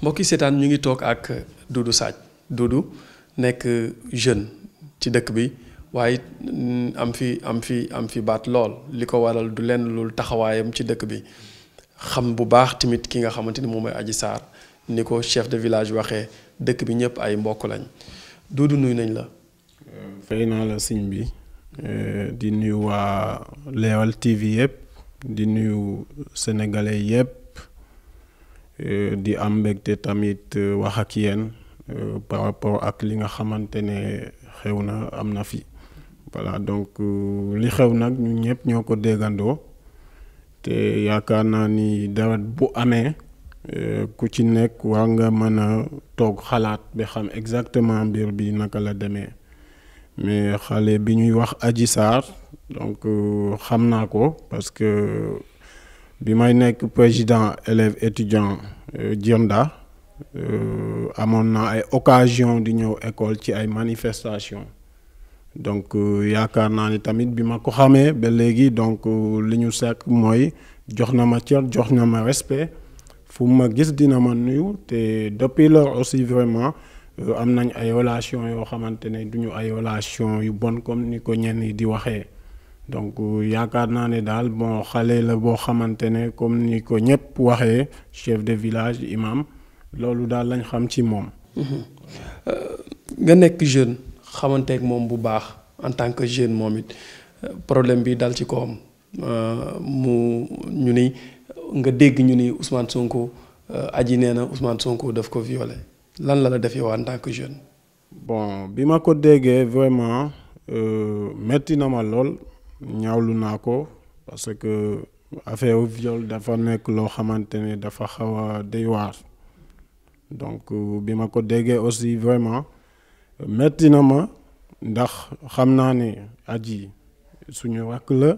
mbokki seetaan ñu ngi toog ak Doudou Sathie Doudou nekk jeune ci dëkk bi waaye mm, am fi am fi am fi baat lool li ko waral du lenn lul taxawaayam ci dëkk bi xam bu baax tamit ki nga xamante ni moom mooy Adji Sarr ni ko chef de village waxee dëkk bi ñëpp ay mbokk lañ Doudou nuyu nañ la. Euh, fay naa la sëñ bi. Eh, di nuyu waa Leral TV yëpp di nuyu sénégalais yëpp eh, di am mbégte tamit eh, wax ak yéen par rapport ak li nga xamante ne xew na am na fi voilà donc li xew nag ñu ñëpp ñoo ko déggandoo te yaakaar naa ni dara bu amee ku ci nekk war nga mën a toog xalaat bi xam exactement mbir bi naka la demee mais xale bi ñuy wax aji Sarr donc euh, xam naa ko parce que bi may nekk président élève étudiant euh, Dionda euh, amoon naa ay occasion di ñëw école ci ay manifestation donc yaakaar naa ni tamit bi ma ko xamee ba léegi donc li ñu sàkk mooy jox na ma cër jox na ma respect fu ma gis dina ma nuyu te depuis lors aussi vraiment Euh, am nañ ay relation yoo xamante ne du ay relation yu bon comme ni ko ñenn yi di waxee donc euh, yaakaar naa ne daal bon xale la boo xamante ne comme ni ko ñëpp waxee chef de village imam loolu daal lañ xam ci moom. Mhm. Euh, nga nekk jeune xamanteek moom bu baax en tant que jeune moom it problème bi dal ci kawam mu ñu ni nga dégg ñu ni Ousmane Sonko aji nee na Ousmane Sonko daf ko violé. lan la la defee waa en tant que jeune. bon bi ma ko déggee vraiment euh, metti na ma lool ñaawlu naa ko parce que affaire viol dafa nekk loo xamante ne dafa xaw a doy waar donc euh, bi ma ko déggee aussi vraiment metti na ma ndax xam naa ne aji suñu rakk la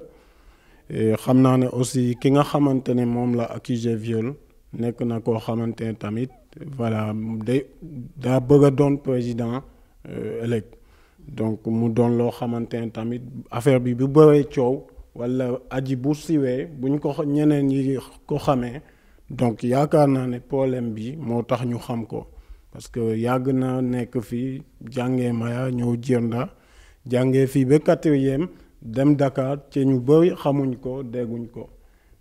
xam naa ne aussi ki nga xamante ne moom la accusé viol nekk na koo xamante ne tamit. voilà day daa bëgg a doon président euh, ëllëg donc mu doon loo xamante ne tamit affaire bi bu bëree coow walla aji bu siwee buñ ko ñeneen yi ko xamee donc yaakaar naa ne problème bi moo tax ñu xam ko parce que yàgg naa nekk fii jàngee Maya ñëw Djirnda jàngee fii ba quatrième dem dakaar ci ñu bëri xamuñ ko dégguñ ko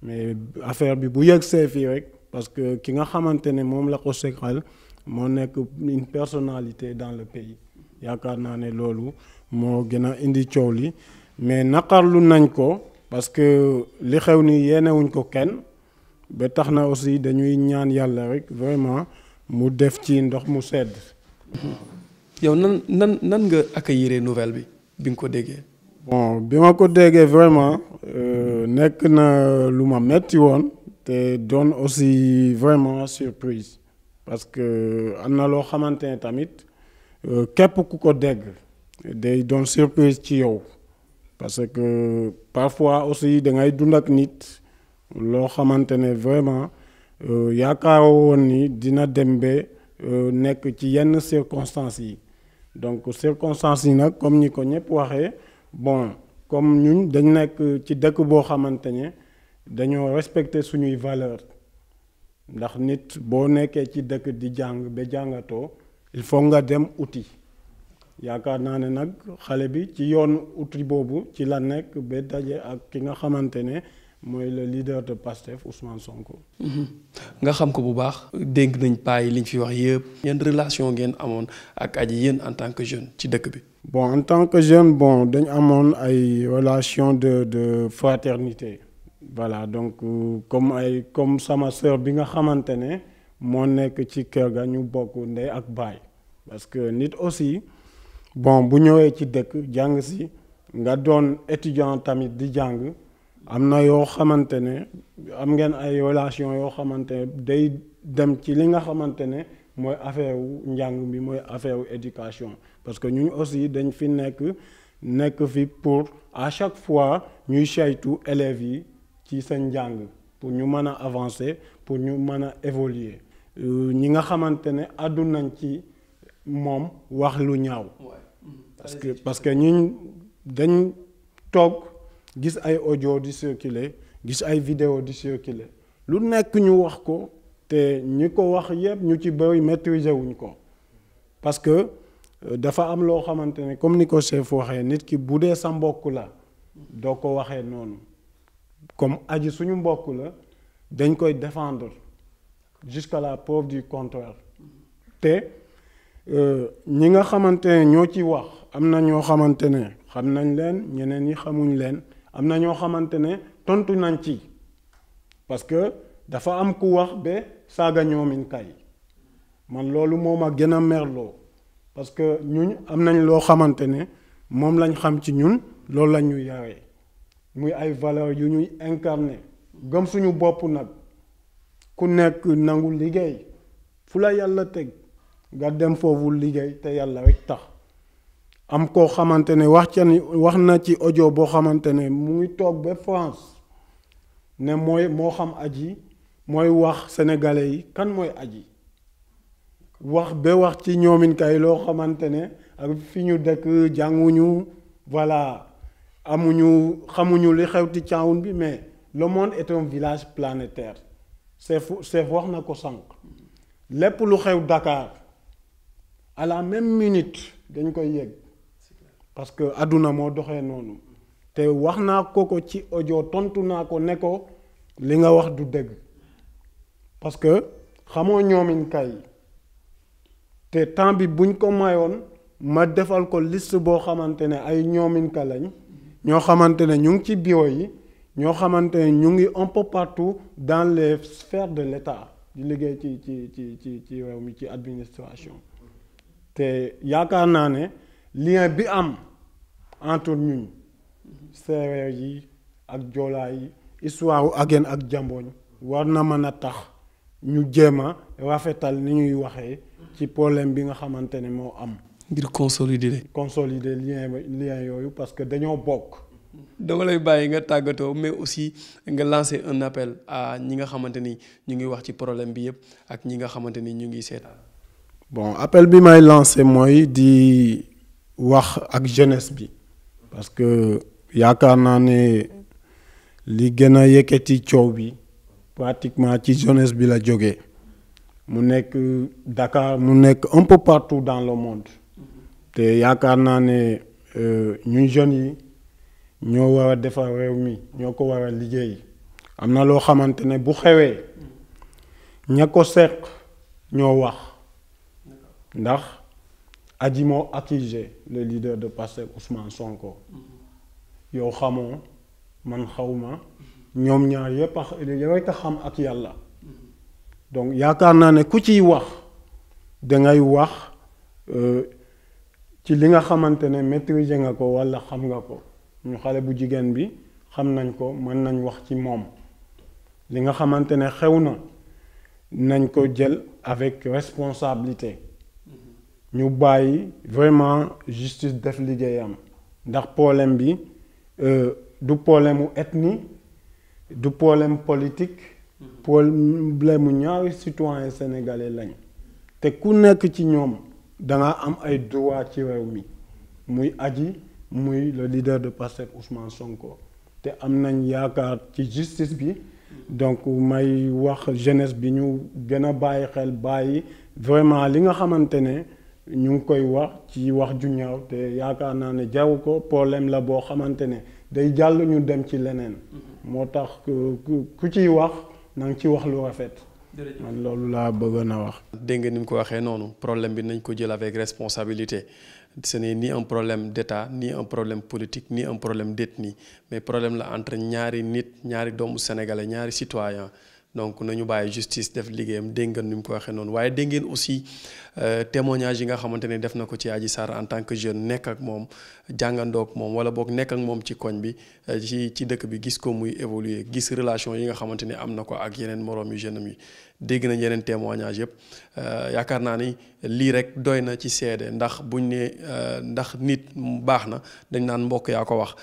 mais affaire bi bu yëgsee fii rek. parce que ki nga xamante ne moom la ko seqal moo nekk une personalité dans le pays yaakaar naa ne loolu moo gën a indi coow li mais naqarlu nañ ko parce que li xew nii yéenewuñ ko kenn ba tax na aussi dañuy ñaan yàlla rek vraiment mu def ci ndox mu sedd. yow nan nan nan nga accueillir nouvelle bi bi nga ko déggee. bon bi ma ko déggee vraiment euh, nekk na lu ma metti woon. te doon aussi vraiment surprise parce que am na loo xamante ne tamit euh, képp ku ko dégg day doon surprise ci yow parce que parfois aussi da ngay dund ak nit loo xamante ne vraiment euh, yaakaaroo woon ni dina dem ba euh, nekk ci yenn circonstances yi donc circonstances yi nag comme ni ko ñëpp waxee bon comme ñu dañ nekk ci dëkk boo xamante ne. dañoo respecter suñuy valeur ndax nit boo nekkee ci dëkk di jàng ba jàngatoo il faut nga dem uti yaakaar naa ne nag xale bi ci yoon uti boobu ci la nekk ba daje ak ki nga xamante ne mooy le leader de PASTEF Ousmane Sonko. Mhm. nga xam ko bu baax. dénk nañ paa liñ fi wax yëpp. yan relation ngeen amoon ak aji yéen en tant que jeune ci dëkk bi. bon en tant que jeune bon dañ amoon ay relation de de fraternité. voilà donc euh, comme ay comme sama sœur bi nga xamante ne moo nekk ci kër ga ñu bokk ndey ak baay parce que nit aussi bon bu ñëwee ci dëkk jàng si nga doon étudiants tamit di jàng am na yoo xamante ne am ngeen ay relation yoo xamante day dem ci li nga xamante ne mooy affaire wu njàng bi mooy affaire wu éducation parce que ñun aussi dañ fi nekk nekk fi pour à chaque fois ñuy saytu élèves yi ci seen njàng pour ñu mën a avancer pour ñu mën a évoluer euh, ñi nga xamante ne àddu nañ ci moom wax lu ñaaw parce que parce que ñun dañ toog gis ay audio di circuler gis ay vidéo di circuler lu nekk ñu wax ko te ñi ko wax yëpp ñu ci bëri maîtriser wuñ ko parce que euh, dafa am loo xamante ne comme ni ko chef waxee nit ki bu dee sa mbokk la doo ko waxee noonu comme aji suñu mbokk la dañ koy défendre jusqu'à la preuve du contraire te euh, ñi nga xamante ne ñoo ci wax am na ñoo xamante ne xam nañ leen ñeneen yi xamuñ leen am na ñoo xamante ne tontu nañ ci parce que dafa am ku wax ba saaga ñoomin kay man loolu moo a gën a merloo parce que ñun am nañ loo xamante ne moom lañ xam ci ñun loolu la ñu yaayee muy ay valeur yu ñuy incarné gëm suñu bopp nag ku nekk nangu liggéey fu la yàlla teg nga dem foofu liggéey te yàlla rek tax am koo xamante ne wax ca ni wax na ci ojo boo xamante ne mu ngi toog ba France ne mooy moo xam aji mooy wax sénégalais yi kan mooy aji wax ba wax ci ñoomin kay loo xamante ne ak fi ñu dëkk jànguñu voilà amuñu xamuñu li xew ti Tivaouane bi mais le monde est village planétaire Seif wax na ko sànq lépp lu xew Dakar à la même minute dañ koy yëg parce que àdduna moo doxe noonu te wax naa ko ko ci ojo tontu naa ko ne li nga wax du dëgg parce que xamoo ñoomin te temps bi buñ ko mayoon ma defal ko list boo xamante ne ay ñoomin lañ ñoo xamante ne ñu ngi ci bureau yi ñoo xamante ne ñu ngi un peu partout dans les sphères de l'État di liggéey ci ci ci ci ci réew mi ci administration te yaakaar naa ne lien bi am entre ñu séeréer yi ak joolaa yi histoire Aguène ak Diambogne war na mën a tax ñu jéem a rafetal ni ñuy waxee ci problème bi nga xamante ne moo am ngir consolider. consolider lien lien yooyu parce que dañoo bokk. dama lay bàyyi nga tàggatoo mais aussi nga lancer un appel à ñi nga xamante ni ñu ngi wax ci problème bi yëpp ak ñi nga xamante ni ñu ngi seet. bon appel bi may lancer mooy di wax ak jeunesse bi parce que yaakaar naa ne li gën a yëkkati coow bi pratiquement ci jeunesse bi la jóge mu nekk dakaar mu nekk un peu partout dans le monde. te yaakaar naa ne euh, ñun jeunes yi ñoo war a defar réew mi ñoo ko war liggéey am na loo xamante ne bu xewee ña ko seq ñoo wax ndax ajimo moo le leader de Pastef Ousmane Sonko yow xamoo man xawma ñoom ñaar yépp a xam ak yàlla donc yaakaar naa ne ku ciy wax dangay wax euh, ci li nga xamante ne maîtriser nga ko walla xam nga ko ñu xale bu jigéen bi xam nañ ko mën nañ wax ci moom li nga xamante ne xew na nañ ko jël avec responsabilité ñu bàyyi vraiment justice def liggéeyam ndax problème bi euh, du problème mu ethnie du problème politique problème mu ñaari citoyen sénégalais lañ te ku nekk ci ñoom dangaa am ay droit ci réew mi muy aji muy le leader de Pastef Ousmane Sonko te am nañ yaakaar ci justice bi donc may wax jeunesse bi ñu gën a bàyyi xel bàyyi vraiment li nga xamante ne ñu ngi koy wax ci wax ju ñaaw te yaakaar naa ne jaru ko problème la boo xamante ne day jàll ñu dem ci leneen mm-hmm. moo tax ku ciy wax na nga ci wax lu rafet man loolu laa bëggoon a wax. dégg nga ni mu ko waxee noonu problème bi nañ ko jël avec responsabilité ce n'est ni un problème d'état ni un problème politique ni un problème d'ethnie mais problème la entre ñaari nit ñaari doomu sénégalais ñaari citoyen donc nañu bàyyi justice def liggéeyam dégg ngeen ni mu ko waxee noonu waaye dégg ngeen aussi euh, témoignage yi nga xamante ne def na ko ci Adji Sarr en tant que jeune nekk ak moom jàngandoo moom wala boog nekk ak moom ci koñ bi euh, ci ci dëkk bi gis ko muy évoluer gis relation yi nga xamante ne am na ko ak yeneen moroomi yu jeune yi dégg nañ yeneen témoignage yëpp euh, yaakaar naa ni lii rek doy na ci seede ndax buñ ne ndax nit baax na dañ naan mbokk yaa ko wax